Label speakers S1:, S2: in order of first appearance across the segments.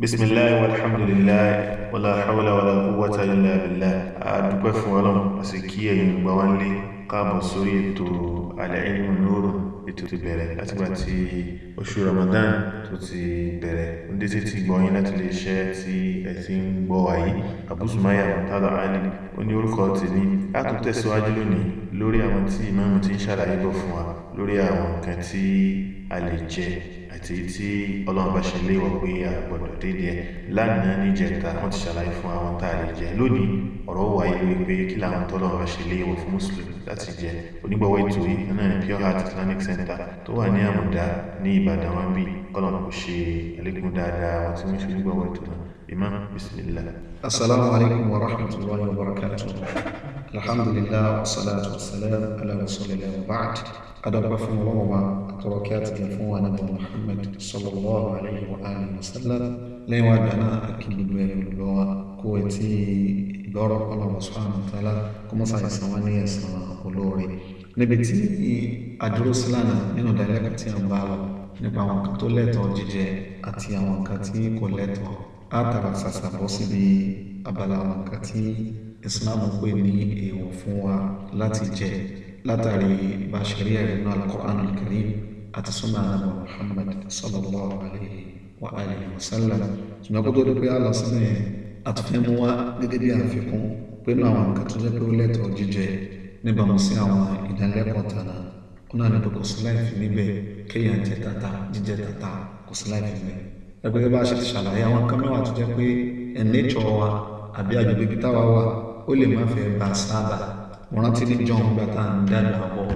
S1: بسم الله والحمد لله ولا حول ولا قوة إلا بالله أدوك فولم أسكية ينبوانلي قام سورية العلم النور بتتبرẹ̀ látìgbà tí oṣù Ramadan tó ti bẹ̀rẹ̀ ndé tí ti gbọ́yìn láti lè ṣe tí ẹ ti ń gbọ́ wáyé Abu Sumayya Murtada Ali ó ní orúkọ tèmi a tún tẹ̀síwájú lónìí lórí àwọn tí ìmáàmù ti ń ṣàlàyé bọ̀ fún wa lórí àwọn nǹkan tí a lè jẹ àti tí ọlọ́run bá ṣe léwọ̀ pé a gbọ́dọ̀ dédé ẹ̀ lánàá níjẹta wọ́n ti ṣàlàyé fún àwọn tá a lè jẹ lónìí ọ̀rọ̀ wà yìí wípé kí làwọn tọ́lọ́run bá ṣe léwọ̀ fún mùsùlùmí láti jẹ onígbọ̀wọ́ ètò yìí náà ní pure heart islamic center tó wà ní àmùdá ní ìbàdàn wọn bí kọ́lọ̀ kò ṣe àlékún dáadáa wọn tí wọ́n ṣe onígbọ̀wọ́ ètò náà imam bismillah. asalaamualeykum wa rahmatulahi wa barakatuh
S2: alhamdulilah wasalaatu wasalaam ala rasulillah wa ba'd adọ́gba fún ọlọ́wọ́ wa àtọ́rọ̀ kí a ti gẹ̀ fún wa nàbẹ̀ muhammad sallallahu alayhi wa alihi wa sallam lẹ́yìn wa dáná akíndùdú ẹ̀ lọ́wọ́ wa kó o ti gbọ́rọ̀ ọlọ́wọ́ subhanahu wa ta'ala kó mọ́sá ẹ̀sán wa ní ẹ̀sán olóore níbi tí àdúró sílànà nínú dàrẹ́kà tí a ń bá lọ nípa àwọn kan tó lẹ́tọ̀ọ́ jíjẹ àti àwọn kan tí kò lẹ́tọ̀ọ́ á tàbà ṣàṣàbọ̀ síbi abala àwọn kan tí islam pè ní èèwọ̀ fún wa láti jẹ látàrí bàṣírí ẹ̀rí náà al-Qur'an al-Karim àti sunnah ànábì Muhammad sallallahu alayhi wa alihi wa sallam ṣùgbọ́n kó tó dé pé a lọ sínú yẹn àtúnfẹ́ mú wá gẹ́gẹ́ bí àfikún pẹ̀lú àwọn nǹkan tó jẹ́ pé ó lẹ́tọ̀ọ́ jíjẹ níbàámu sí àwọn ìdánilẹ́kọ̀ọ́ tànà ọ̀nà àdìbò kò sí láìfi níbẹ̀ kéèyàn jẹ tata jíjẹ tata kò sí láìfi níbẹ̀ ẹgbẹ́ bá ṣe ti ṣàlàyé àwọn kámẹ́wà tó jẹ́ pé ẹ̀ nature wa àbí àgbègbè kíta wa ó lè má fẹ́ bá a sábà wọ́n rántí ní john gba tá à ń dàgbà bọ̀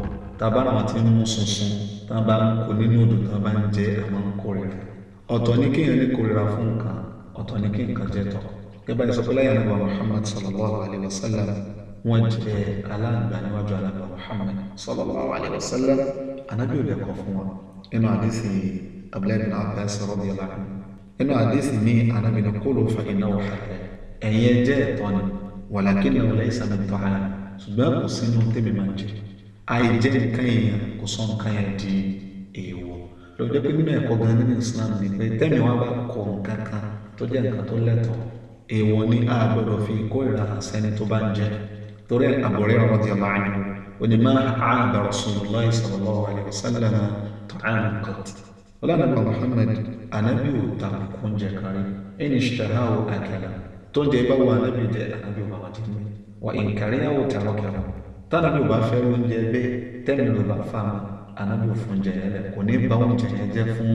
S2: tábà àwọn tí ń mú sunsun tá bá ń kó nínú odò tá bá ń jẹ àwọn ń kórìíra ọ̀tọ̀ ní kéèyàn ní kórìíra fún nǹkan ọ̀tọ̀ ní kéèyàn kan jẹ́ tọ̀ gẹ́gẹ́ bá ìsọpẹ́ láyé àlàbà Muhammad sallallahu alayhi wa sallam wọ́n jẹ́ aláǹgbá níwájú àlàbà Muhammad sallallahu alayhi wa sallam anábì ò dẹ̀kọ̀ fún wọn nínú àdìsí abúlẹ́ni abẹ́sẹ̀ rọ́bì ọ̀làkùn nínú àdìsí ní anábì ní kóló fa iná wàlàkínà ọ̀lẹ́ ìsàmì tọ́ha ṣùgbọ́n kò sínú tèmi máa jẹ àìjẹ nǹkan èèyàn kò sọ nǹkan yẹn di èèwọ̀ lọ́jọ́ pé nínú ẹ̀kọ́ gan nínú Islam ni pé tẹ́mi wá bá kọ nǹkan kan tó jẹ́ nǹkan tó lẹ́tọ̀ọ́ èèwọ̀ ni a gbọ́dọ̀ fi kórìíra àsẹ́ni tó bá ń jẹ torí àbúrẹ́ ọ̀rọ̀ ti ọ̀la àyàn onímọ̀ àbà Rasulullahi sallallahu alaihi wasallam ta'aman qat ọlọ́nà Muhammad ànábì ò ta kóúnjẹ kárí ẹni ṣe tó ń jẹ bá wà ànábì jẹ ànábì ò bá wọn dín ní wà ìkàrí àwọn òtàrọ kẹrọ tànábì ò bá fẹ́ oúnjẹ bẹ́ẹ̀ tẹ́mi ló bá fà mọ́ ànábì ò fún jẹyẹ lẹ kò ní bá oúnjẹ yẹn jẹ fún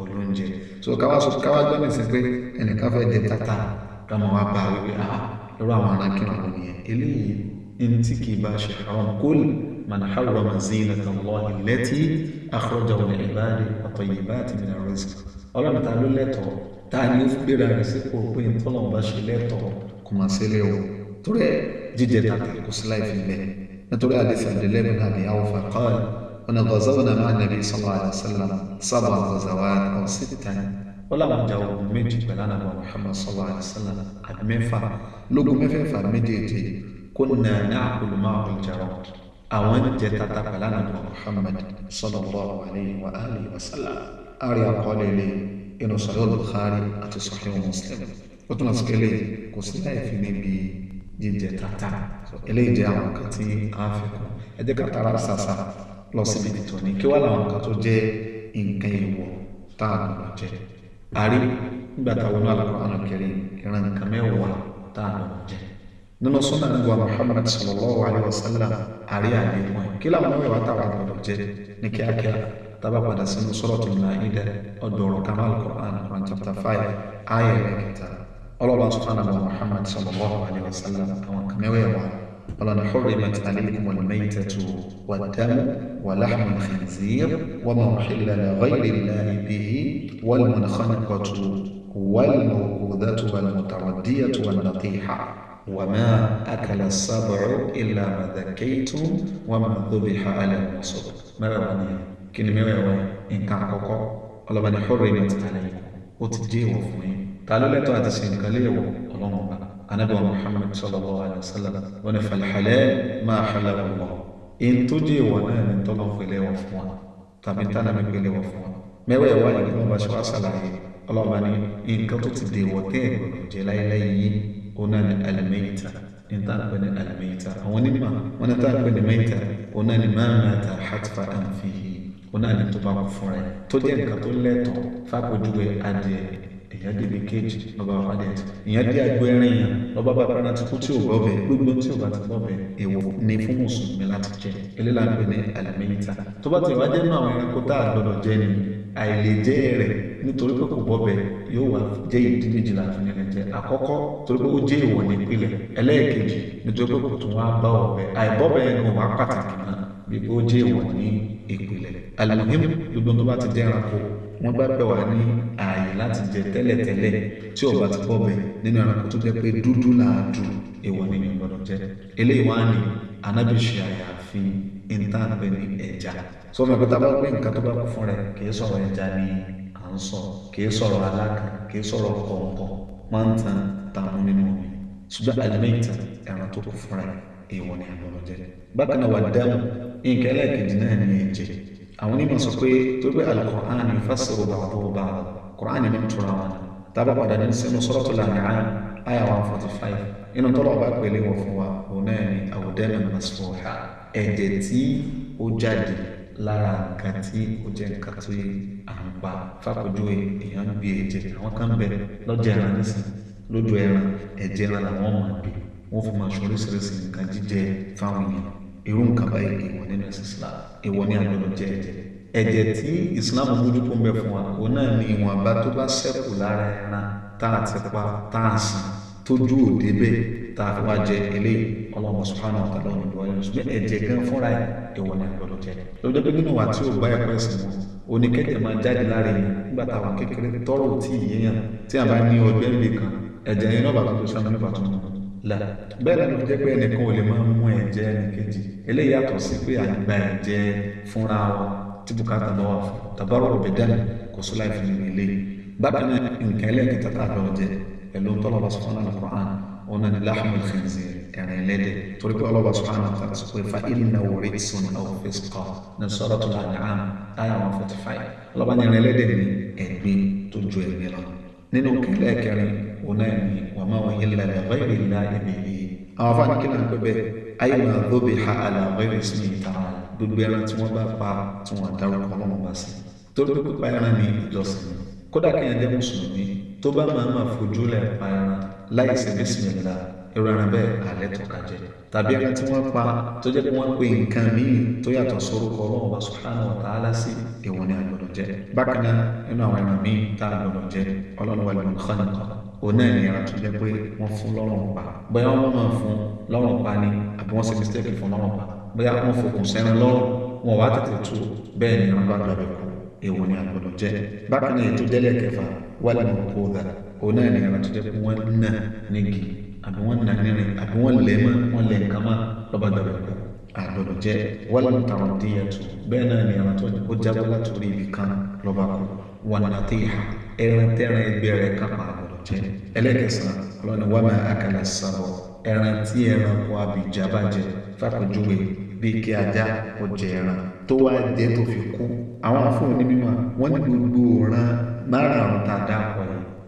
S2: olóúnjẹ so káwá sọ káwá gbọ́ mi sí pé ẹnìkan fẹ́ jẹ tata ká mọ̀ wá bá a wípé ah lọ́rọ̀ àwọn arákìnrin ọ̀hún yẹn eléyìí ntí kì í bá a ṣe àwọn kólì من حرم زينة الله التي أخرجه لعباده وطيبات من الرزق. أولا تعالوا لي ta ni ó gbéra rẹ̀ sípò pé tọ́lọ́run bá ṣe lẹ́tọ̀ọ́ kò máa ṣe lé o torí ẹ jíjẹ tàbí kò sí láì fi lẹ̀ nítorí àdéhùn àdélẹ́ mi náà ní àwòfà kọ́ọ̀lù wọn gọ̀zọ́wọ́n náà máa nàbí sọ́wọ́ àdàsálàm sábà gọ̀zọ́wọ́ àwọn síta wọ́n làwọn jà wọ́n méjì pẹ̀lú ànàbọ̀ Muhammad sọ́wọ́ àdàsálàm àbí mẹ́fà lógún mẹ́fẹ̀ẹ̀fà méjèèjì kó nà ní àkùlùmọ́ àwọn ìjà wọn àwọn jẹ tata pẹ̀lú ànàbọ̀ Muhammad sọ́wọ́ àlẹ́ wa àlẹ́ wa sálàm àríyá kọ́lé lẹ́yìn. inú sọ̀rọ̀ Bukhari àti sọ̀rọ̀ Muslim ó túmọ̀ sí pé kò sí láì fi níbi jíjẹ tata eléyìí jẹ́ àwọn kan tí a fi kù ẹ jẹ́ ká tara ṣàṣà lọ síbi ìtọ́ ni kí wá làwọn kan tó jẹ́ nǹkan ìwọ̀ tá a lọ jẹ àrí nígbà táwọn náà lọ́kọ̀ àná kẹrin ìran nǹkan mẹ́wàá tá a lọ jẹ nínú súnà nígbà Muhammad sallallahu alayhi wa sallam àrí àdéhùn kí làwọn mẹ́wàá táwọn lọ jẹ ní kíákíá tábà padà sínú sọ́rọ̀tù Maida ọdọ̀ ọ̀rọ̀ kan Al-Qur'an Quran chapter five ayé rẹ̀ kẹta ọlọ́ba subhanahu wa Muhammad sallallahu alayhi wa sallam àwọn kàmẹ́wẹ̀ wà ọlọ́ni hurrimat alaykum al-maytatu wad-damu wa lahmu al-khinzir wa ma uhilla li ghayri Allahi bihi wal munkhaniqatu wal mawqudatu wal mutaraddiyatu wan natiha وما أكل السبع إلا ما ذكيتم وما ذبح على النصب ما رأني kí ni mẹ́wẹ̀ẹ̀wẹ̀ nǹkan àkọ́kọ́ ọlọ́ba ní hóró ìmọ̀ ti tàlẹ́ yìí ó ti dé ìwọ̀ fún yín ta ló lẹ́tọ́ àti ṣe nǹkan léèwọ̀ ọlọ́run ọba anabi muhammad sallallahu alayhi wa sallam wọn ni falhalẹ máa halẹ wọn lọ èyí tó dé ìwọ̀ náà ni tọ́lọ́ pẹ̀lẹ́ wọ̀ fún wa tàbí tánà mi pẹ̀lẹ́ wọ̀ fún wa mẹ́wẹ̀ẹ̀wẹ̀ yìí ni wọ́n bá ṣe wá ṣàlàyé ọlọ́ba ní nǹkan tó ti dé ìwọ̀ tẹ́ẹ̀ jẹ́ láyéláyé yìí ó náà ni alimẹ́yìntà intaanku ni almayta awon nima wani taanku ni mayta onani ma mata hatfa an fihi ó náà ní tó bá kú fún rẹ tó jẹ́ nǹkan tó lẹ́tọ̀ọ́ fàpèjúwe adìẹ èyàn débi kéèjì lọ́ba ọ̀pádẹ́ èyàn dé àgbo ẹran èèyàn lọ́ba bá bá rántí kú tí ò gbọ́ bẹ́ẹ̀ gbogbo tí ò bá ti gbọ́ bẹ́ẹ̀ èèwọ̀ ni fún mùsùlùmí láti jẹ eléla ń pè ní àlùmẹ́yìntà tó bá ti wá jẹ́ náà àwọn ẹranko tá a gbọ́dọ̀ jẹ ni àìlèjẹ́ rẹ̀ nítorí pé kò gbọ́ bẹ́ẹ̀ yóò wá jẹ́ ìdí méjìlá fún ẹ̀rẹ̀ jẹ́ àkọ́kọ́ torí pé ó jẹ́ ìwọ̀ nípìnlẹ̀ ẹlẹ́ẹ̀kejì nítorí pé kò tún wá bá ọ̀bẹ àìbọ́bẹ̀ ẹnu wà pàtàkì náà eu ó jẹ́ ìwọ̀ alùmíọ́n gbogbo tó bá ti jẹ́ ẹranko wọ́n bá bẹ̀ wá ní ààyè láti jẹ tẹ́lẹ̀tẹ́lẹ̀ tí ó bá ti bọ́ bẹ̀ nínú ẹranko tó jẹ́ pé dúdú làá dùn èèwọ̀ nínú ìgbọ̀dọ̀ jẹ́ eléyìí wá ní anábìṣe àyàfi ìntànpẹ̀ ní ẹja sọfún ẹgbẹ́ tá a bá pé nǹkan tó bá kú fún rẹ kì sọ̀rọ̀ ẹja ni à ń sọ kì í sọ̀rọ̀ alákan kì í sọ̀rọ̀ kọ̀ọ̀kan máa ń tan tààmú nínú omi ṣùgbọ́n àlùmíìtì ẹran tó kú fún rẹ èèwọ̀ ní ìgbọ̀dọ̀ jẹ́ bákan náà wà dáhùn nǹkan ẹlẹ́ẹ̀kejì náà ní ẹ̀jẹ̀ àwọn onímọ̀ sọ pé tó gbé al-Qur'an yufasiru ba'duhu ba'dan Qur'an ní tura wọn tábà padà ní sínú Suratul An'am àyà one forty five inú tọ́lọ̀ bá pèlè wọ̀ fún wa òun náà ni àwòdẹ́nu masfuha ẹ̀jẹ̀ tí ó jáde lára nǹkan tí ó jẹ́ nǹkan tó yẹ à ń pa fàpèjúwe èèyàn ń gbé ẹ̀jẹ̀ àwọn kan bẹ lọ́jà ẹran nísìn lójú ẹran ẹ̀jẹ̀ làwọn máa gbé wọ́n fún irú nǹkan báyìí èèwọ̀ nínú ẹ̀sìn islam èèwọ̀ ní àgbọ̀dọ̀ jẹ ẹ̀jẹ̀ tí islam bójú tó ń bẹ fún wa òun náà ni ìwọ̀nba tó bá ṣẹ́kù lára ẹran tá a ti pa tá a sàn tójú òde bẹ́ẹ̀ tá a wá jẹ eléyìí ọlọ́run subhanahu wa ta'ala ọ̀nà ìwọ̀n ẹ̀sìn bẹ́ẹ̀ ẹ̀jẹ̀ gan fúnra ẹ̀ èèwọ̀ ní àgbọ̀dọ̀ jẹ lọ́jọ́ pé nínú wa tí ò bá ẹ̀kọ́ ẹ̀sìn mọ́ oníkẹ́jẹ̀ máa jáde lára èèyàn nígbà táwọn kékeré tọ́rọ̀ tí ìyẹn yàn tí a bá ní ọgbẹ́ nìkan ẹ̀jẹ̀ yẹn náà bàbá tó sá la bẹ́ẹ̀ ló jẹ́ pé ẹnìkan ò lè máa mú ẹ̀jẹ̀ ẹnìkejì eléyìí yàtọ̀ sí pé àgbà ẹ̀jẹ̀ fúnra wa tí bùkátà bá wà fún tàbárò òbí dání kò sí láì fún mi lé bákan náà nǹkan ẹlẹ́ẹ̀kẹta tá a lọ jẹ pẹ̀lú ń tọ́lọ́ bá sọ fún alukur'an òun náà ni láhùn ìfẹ̀nsẹ̀ ẹ̀rìn ẹlẹ́dẹ̀ torí pé ọlọ́ba sọ fún alukur'an sọ pé fa ìlínà wòrí sùn àwọn fẹsùkọ ننكلاكري ونامي وما وهل لغير الله به àwọn àfáàní kí ló ń pẹ bẹ́ẹ̀ ayé máa lóbi ha aláwẹrẹ sí ní ìtara gbogbo ẹran tí wọn bá pa tí wọn dárúkọ Ọlọ́run bá sí torí pé pípa ẹran ní ìjọsìn kódà kí ẹn jẹ mùsùlùmí tó bá máa máa fojú lẹ pa ẹran láì ṣe bísí mi lára irú ẹran bẹ́ẹ̀ alẹ́ tọ́ka jẹ tàbí ẹran tí wọ́n pa tó jẹ́ pé wọ́n pe nǹkan míì tó yàtọ̀ sórúkọ ọlọ́run bá subhanahu wa ta'ala sí èèwọ̀ ni a gbọ́dọ̀ jẹ bákan náà nínú àwọn ẹran míì tá a jẹ ọlọ́run wà lóun nìkan òun náà ni ẹran tó jẹ́ pé wọ́n fún lọ́rùn pa bóyá wọ́n máa fún lọ́rùn pa ni àbí wọ́n ṣe mistake fún lọ́rùn pa bóyá wọ́n fokùn sẹ́rin lọ́rùn wọn wá tètè tú bẹ́ẹ̀ ni wọ́n bá gbàgbé kú èèwọ̀ ni a gbọ́dọ̀ jẹ bákan náà ètò jẹ́lẹ̀ kẹfà wà kó dà òun náà ni ẹran tó jẹ́ pé wọ́n ń nà nígi àbí wọ́n nà nírin àbí wọ́n lẹ̀ mọ́ wọ́n lẹ̀ nǹkan mọ́ lọ́ba dàbẹ̀ kú àgbọ̀dọ̀ jẹ́ wọ́n tàwọn díẹ̀ tù bẹ́ẹ̀ náà ni àwọn tó ó jábọ́ látòrí ibì kan lọ́ba kú wọn nà tí ìhà ẹran tẹ́ran ẹgbẹ́ rẹ̀ kan pa àgbọ̀dọ̀ jẹ́ ẹlẹ́kẹsàn ọlọ́ni wọ́n máa akala sábọ̀ ẹran tí ẹran kọ àbíjà bá jẹ fàkójúwe bí kí ajá kó jẹ ẹran tó wá jẹ tó fi kú àwọn afọ́n onímọ̀ wọ́n ní gbogbo ọ̀ràn márùn tá a dá pọ̀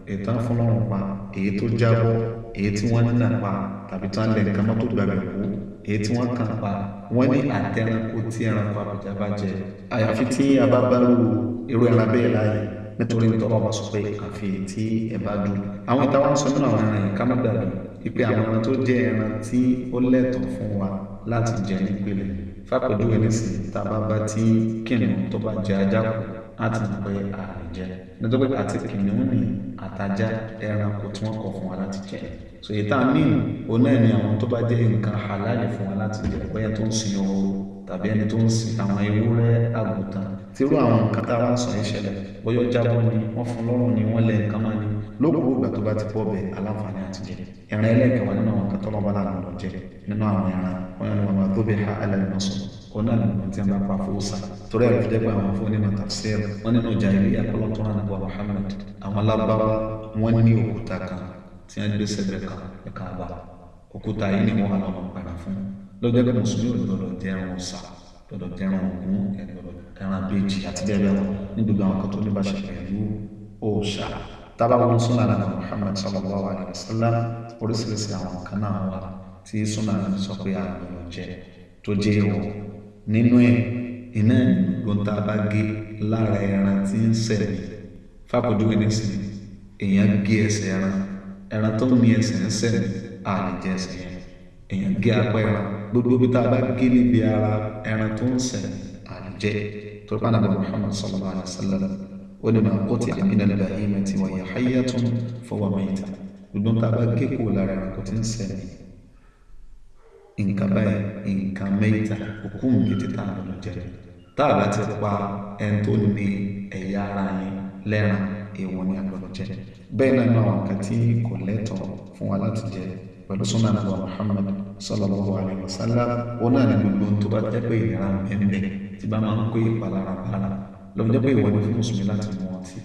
S2: èyí tó jábọ́ èyí tí wọ́n nà pa tàbí tí wọ́n lẹ̀ nǹkan mọ́tò gbàgbẹ́ kú èyí tí wọ́n kàn pa wọ́n ní àtẹranko tí ẹranko àbújá bá jẹ àyàfi tí a bá bá lu irú ẹran bẹ́ẹ̀ láàyè nítorí nítorí ọba sọ pé àfi tí ẹ bá dùn àwọn ìtawọ́n sọ nínú àwọn ẹran yìí ká má gbàgbé ìpè àwọn ẹran tó jẹ ẹran tí ó lẹ́tọ̀ọ́ fún wa láti jẹ nípele fàpèjúwe nísìnyí tá a bá bá tí kìnnìún tó bá jẹ ajá kù a ti ń pẹ ààrẹ jẹ lọ́jọ́ pé àti kìnìún ní àtajá ẹranko tí wọ́n kọ̀ fún wa láti jẹ so èyí tá a mí òun náà ni àwọn tó bá jẹ́ nǹkan halal fún wa láti jẹ bóyá tó ń sin ooru tàbí ẹni tó ń sin àwọn ewúrẹ́ àgùntàn tírú àwọn nǹkan tá a wá sọ yìí ṣẹlẹ̀ bóyá jábọ́ ni wọ́n fún lọ́rùn ni wọ́n lẹ nǹkan máa ni lókùú ìgbà tó bá ti bọ́ bẹ̀ aláǹfààní àti jẹ ẹran ẹlẹ́kẹ̀wá nínú àwọn kan tọ́lọ́bọ́lá àwọn ọ̀jẹ̀ nínú àwọn ẹran wọn ni ọ̀nà nínú tí a bá pa fowó sa torí ẹ̀rọ fìdí pa àwọn fún nínú tafsir wọn nínú jahiliya àkọlọ́tọ́ náà nàbọ̀ Muhammad àwọn alábàbà wọn ní òkúta kan tí wọn gbé sẹ́gbẹ̀ kan ẹ̀ka àbá òkúta yìí ni wọn àwọn ọ̀pára fún lọ́jọ́ pé mùsùlùmí ò gbọdọ̀ jẹ́ ẹran ọ̀sà gbọdọ̀ jẹ́ ẹran ògún ẹran bèjì àti bẹ́ẹ̀ bẹ́ẹ̀ lọ ní gbogbo àwọn kan tó ní bá ṣe pẹ̀lú òòṣà tábàwọn súnà nàbà Muhammad sallallahu alayhi wa sallam oríṣiríṣi àwọn kan náà wà tí súnà nàbà sọ pé àgbọ̀dọ̀ jẹ tó jẹ́ nínú ẹ̀ iná gbòǹta bá gé lára ẹran tí ń sẹ̀mí fàpọ̀júwe nísìnyí èèyàn gé ẹsẹ̀ ẹran ẹran tó ní ẹsẹ̀ ń sẹ̀mí àlejò ẹsẹ̀ yẹn èèyàn gé apá ẹran gbogbo bí tá a bá gé níbi ara ẹran tó ń sẹ̀mí àlejò tó bá nàbọ̀ Muhammad sallallahu alayhi wa ó ní máa kó ti àmì nàlẹ́ bàyí mẹ́tì wọ̀nyí hayatun fọwọ́ mẹ́ta gbogbo tá a bá gé kúrò lára ẹran kò ti ń sẹ̀mí nǹkan báyìí nǹkan mẹ́ta òkú mi ti tá a lọ jẹ tá a bá ti pa ẹni tó ní ẹ̀yà ara yẹn lẹ́ran èèwọ̀ ni a lọ jẹ bẹ́ẹ̀ náà náà nǹkan tí kò lẹ́tọ̀ọ́ fún wa láti jẹ pẹ̀lú súnà nàbà Muhammad sallallahu alayhi wa sallam òun náà ní gbogbo tó bá jẹ́ pé ìlera mẹ́mẹ́ tí bá máa ń kó ìpalára bára lọ́wọ́ jẹ́ pé ìwọ ni fún mùsùlùmí láti mú ọtí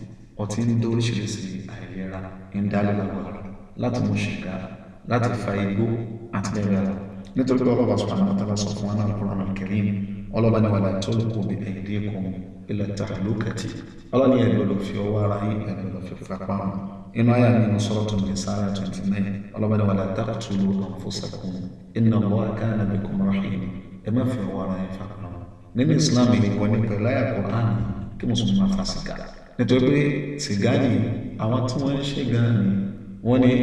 S2: ọtí ń dó oríṣiríṣi àìlera ń dálé نترك الله سبحانه وتعالى صفوانا القرآن الكريم ولا بني ولا تلقوا بأيديكم إلى التهلكة ولا يقول في ورعي يقول في فقام إن آية من سورة النساء 29 ولا بني ولا تقتلوا أنفسكم إن الله كان بكم رحيم إما في ورعي فقام نين إسلامي لكم لا القرآن كم سمع فاسكا نتوبي سيغاني أواتوان شيغاني واني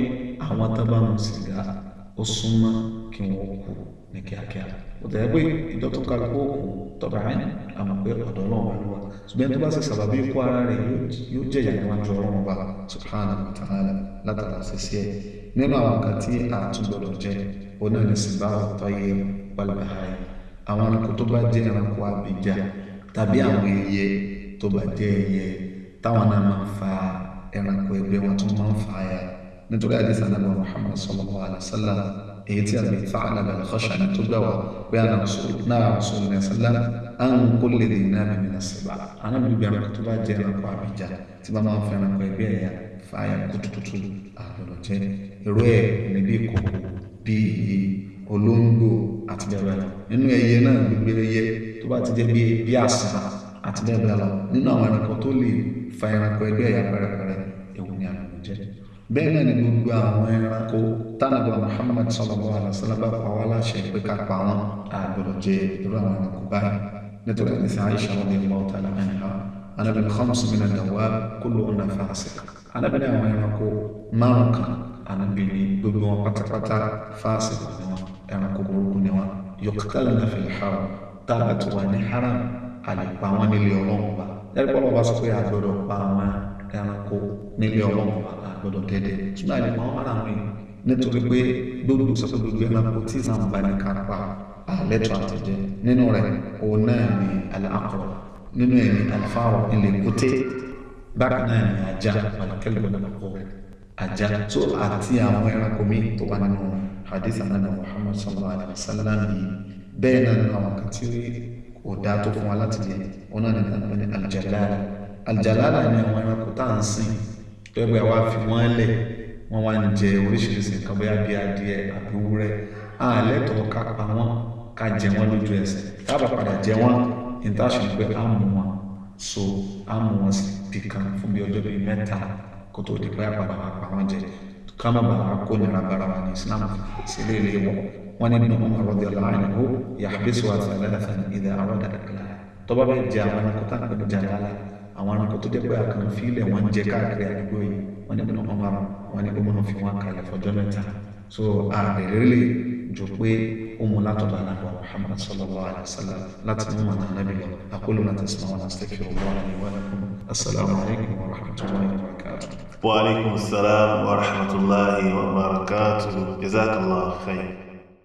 S2: أواتبان سيغاني أصمنا kí wọ́n kú ní kíákíá ó tẹ̀ ẹ́ pé ìjọ tó kálu kó kú tọ́ba ẹ̀ àmọ́ pé ọ̀dọ́ náà wà lọ́wọ́ ṣùgbọ́n tó bá ṣe sábàbí kó ara rẹ̀ yóò jẹ̀yà níwájú ọlọ́run ọba subhanahu wa ta'ala látara ṣiṣẹ́ ẹ̀ nínú àwọn nǹkan tí a tún gbọdọ̀ jẹ òun náà ní sìnbà ọ̀tọ́yẹ wàlúwàáyé àwọn ẹranko tó bá jẹ fa ẹranko ẹgbẹ́ wọn tún máa ń fa ya nítorí àdìsá nàbà Muhammad èyí tí a lè fa àlàbà lọ́kọ̀ṣà ní tó gbàwà pé a náà sọ náà sọ ní ẹ̀sánlá à ń kó lè lè náà mímí náà sí bá anábìbí ẹranko tó bá jẹ ẹranko àbíjà tí bá máa ń fẹ́ ẹranko ẹgbẹ́ ẹ̀yà fàáyà kútututu àgbọ̀dọ̀ jẹ irú ẹ̀ níbi ìkòkò bíi olóńgbò àti bẹ́ẹ̀ bẹ́ẹ̀ lọ nínú ẹyẹ náà gbogbo ẹyẹ tó bá ti jẹ́ bíi àṣà àti bẹ́ẹ̀ bẹ́ẹ̀ lọ nínú àwọn ẹranko tó lè fa ẹranko ẹgbẹ́ ẹ̀yà pẹ́rẹpẹ́rẹ بيني بوبا وينكو تانغو محمد صلى الله عليه وسلم بابا ولا شيء بكا قام عبد الجيد رانا كوباي نتوقع نساء عائشة رضي الله تعالى عنها أنا بن خمس من الدواب كل أنا فاسق أنا بني وينكو مالك أنا بني بوبا وقتقتا فاسق أنا كوبو كنوا يقتلنا في الحرب تابت واني حرام علي بامان اليوم با يقول الله سبحانه وتعالى ẹranko nílé ọlọ́run àgbọ̀dọ̀ dẹ́dẹ́ ṣùgbọ́n àìlè máa ń wà láwọn èèyàn nítorí pé gbogbo sọ pé gbogbo ẹranko tí ìsàn bá ní kápá àlẹ́tọ̀ àtẹ̀jẹ́ nínú rẹ̀ òun náà ní àlàkọ̀ nínú ẹ̀ ní àlùfáàwọ̀ ilẹ̀ kúté bákan náà ní ajá àlùkẹ́lẹ̀ ọ̀dọ̀kọ̀ ajá tó àti àwọn ẹranko míì tó wà nínú hadith anana Muhammad sallallahu alaihi wa sallam yìí bẹ́ẹ̀ náà ní àwọn kan tí kò dáa tó fún wa láti jẹ ọ náà ní àlùjẹ̀dára àjàlálà ni àwọn ẹranko tá à ń sìn tó ẹgbẹ́ wa fi wọ́n lẹ̀ wọ́n wá ń jẹ oríṣiríṣi nǹkan bóyá bíi adìẹ àbí ewúrẹ́ àlẹ́tọ̀ọ́ ká pa wọ́n ká jẹ wọ́n lójú ẹsẹ̀ tábà padà jẹ wọ́n ìtàṣùn pé á mú wọn so á mú wọn sí pìkan fún bí ọjọ́ bíi mẹ́ta kó tó di pé àpàdà wà pa wọ́n jẹ ká má bàa kó nira bara wa ní Islam sí lè wọ̀ wọ́n ní nínú ọmọ ọ̀rọ̀ dẹ̀lá àyìnbó àwọn ẹranko tó jẹ́ pé àkàn fílẹ̀ wọ́n ń jẹ káàkiri àdúgbò yìí wọ́n ní kúnnà ọmọ wọn ní kó fi wọn kalẹ̀ fọjọ́ mẹ́ta so àbẹ̀rẹ̀lẹ̀ jù pé ó mú látọ̀dọ̀ anábọ̀ Muhammad sallallahu alayhi wa sallam láti mú wọn náà nábì lọ aqulu ma tasma'una wa astaghfirullah li wa lakum assalamu alaykum wa rahmatullahi wa barakatuh.
S1: wa alaykum assalam wa rahmatullahi wa barakatuh jazakallah khayr.